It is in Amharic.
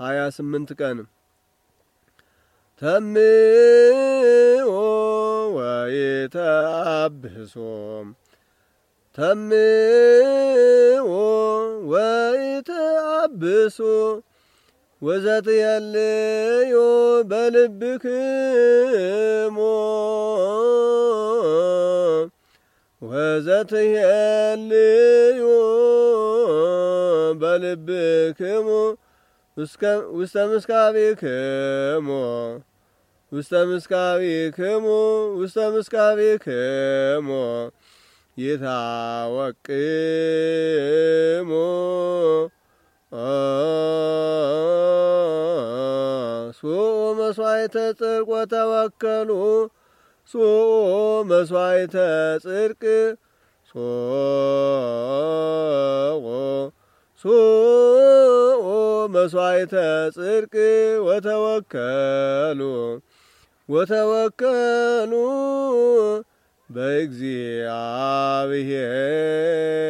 ሀያ ስምንት ቀን ተምኦ ወይተአብሶም ተምኦ ወይተአብሶ ወዘት ያለዮ በልብክሞ ወዘት ያለዮ በልብክሞ ውስተ ምስካቢክሙ ውስተ ምስካቢክሙ ውስተ ምስካቢክሙ ይታወቅሙ ሱኡ መስዋዕተ ጽድቅ ወተወከሉ ሱኡ መስዋዕተ ጽድቅ መሥዋዕተ ጽድቅ ወተወከሉ ወተወከሉ በእግዚአብሔር